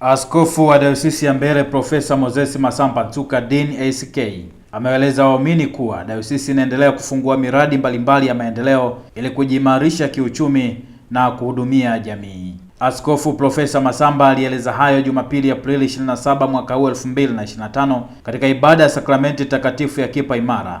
Askofu wa Dayosisi ya Mbeere Profesa Moses Masamba Nsuka Dean ACK amewaeleza waumini kuwa dayosisi inaendelea kufungua miradi mbalimbali ya maendeleo ili kujiimarisha kiuchumi na kuhudumia jamii. Askofu Profesa Masamba alieleza hayo Jumapili Aprili 27 mwaka huu 2025 katika ibada ya sakramenti takatifu ya kipa imara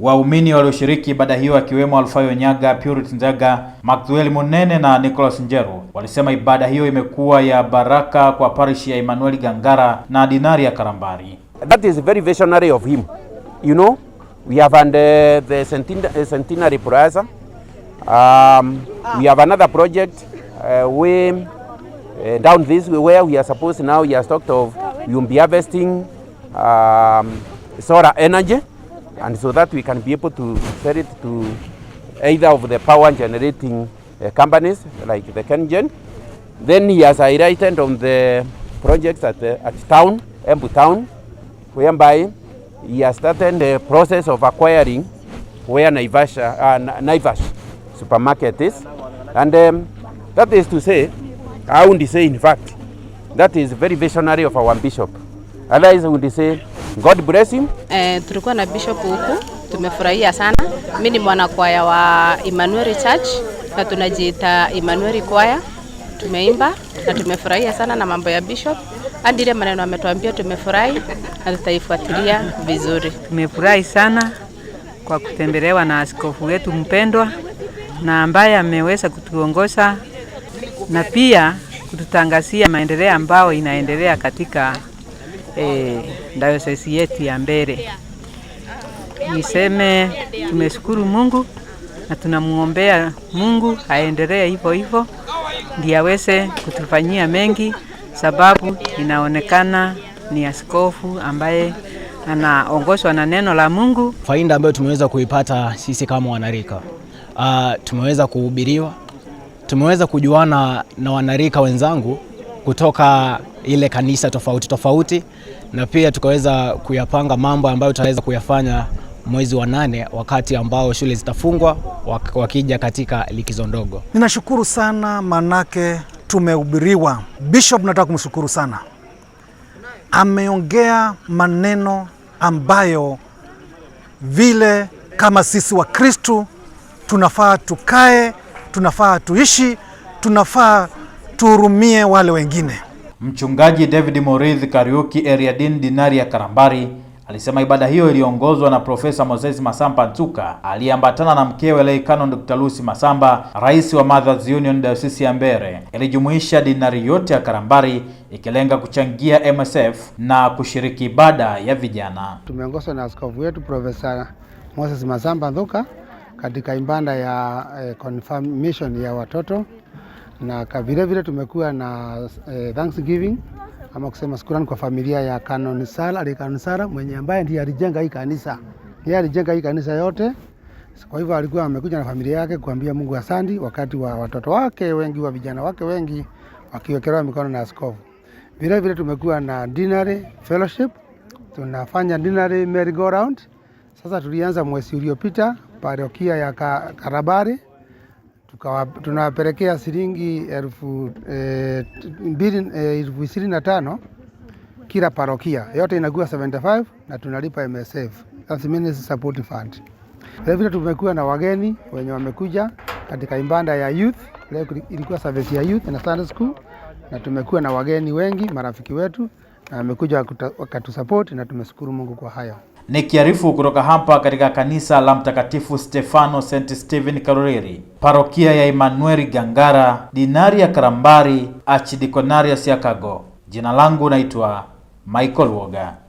Waumini walioshiriki ibada hiyo akiwemo Alfayo Nyaga, Purity Nzega, Maxwell Munene na Nicholas Njeru walisema ibada hiyo imekuwa ya baraka kwa parish ya Emmanuel Gangara na Dinari ya Karambari. That is very visionary of him. You know, we have and, uh, the centenary uh, plaza. Um, we have another project uh, we, uh, down this way where we are supposed now we are talked of we will be harvesting um, solar energy and so that we can be able to sell it to either of the power generating uh, companies like the KenGen. Then he has highlighted on the projects at, the, uh, at town, Embu town, whereby he has started the process of acquiring where Naivash, uh, Naivash supermarket is. And um, that is to say, I would say in fact, that is very visionary of our bishop. Otherwise, I would say God bless him. Eh, tulikuwa na bishop huku, tumefurahia sana. Mimi ni mwanakwaya wa Emmanuel Church na tunajiita Emmanuel Kwaya. Tumeimba na tumefurahia sana na mambo ya bishop, hadi ile maneno ametuambia tumefurahi na tutaifuatilia vizuri. Tumefurahi sana kwa kutembelewa na askofu wetu mpendwa na ambaye ameweza kutuongoza na pia kututangazia maendeleo ambayo inaendelea katika eh, dayosisi yetu ya Mbeere. Niseme tumeshukuru Mungu na tunamuombea Mungu aendelee hivyo hivyo, ndiye aweze kutufanyia mengi, sababu inaonekana ni askofu ambaye anaongozwa na neno la Mungu. Faida ambayo tumeweza kuipata sisi kama wanarika uh, tumeweza kuhubiriwa, tumeweza kujuana na wanarika wenzangu kutoka ile kanisa tofauti tofauti, na pia tukaweza kuyapanga mambo ambayo tutaweza kuyafanya mwezi wa nane wakati ambao shule zitafungwa wakija katika likizo ndogo. Ninashukuru sana manake tumehubiriwa. Bishop, nataka kumshukuru sana, ameongea maneno ambayo vile kama sisi wa Kristu tunafaa tukae, tunafaa tuishi, tunafaa tuhurumie wale wengine. Mchungaji David Morithi Kariuki Eriadin Dinari ya Karambari alisema ibada hiyo iliongozwa na Profesa Moses Masamba Ntuka aliyeambatana na mkewe Lay Canon Dr. Lucy Masamba, rais wa Mothers Union Diocese ya Mbeere. Ilijumuisha dinari yote ya Karambari ikilenga kuchangia MSF na kushiriki ibada ya vijana. Tumeongozwa na askofu wetu Profesa Moses Masamba Ntuka katika ibada ya eh, confirmation ya watoto na vilevile vile tumekuwa na eh, Thanksgiving ama kusema shukrani kwa familia ya Canon Sala, Ali Canon Sala mwenye ambaye ndiye alijenga hii kanisa. Yeye alijenga hii kanisa yote. Kwa hivyo alikuwa amekuja na familia yake kuambia Mungu asante wa wakati wa watoto wake wengi wa vijana wake wengi wakiwekelewa mikono na askofu. Vile vile tumekuwa na dinner fellowship. Tunafanya dinner merry go round. Sasa tulianza mwezi uliopita parokia ya Karabari ka tukawa tunawapelekea shilingi e, e, elfu ishirini na tano kila parokia yote inakuwa 75 na tunalipa MSF, that's Ministry Support Fund. vile tumekuwa na wageni wenye wamekuja katika imbanda ya youth. Leo ilikuwa service ya youth na Sunday school, na tumekuwa na wageni wengi, marafiki wetu na wamekuja wakatusupport, na tumeshukuru Mungu kwa hayo. Nikiarifu kutoka hapa katika kanisa la Mtakatifu Stefano St Stephen Karoreri, parokia ya Emmanuel Gangara, dinari ya Karambari, archidikonarius ya Kago. Jina langu naitwa Michael Woga.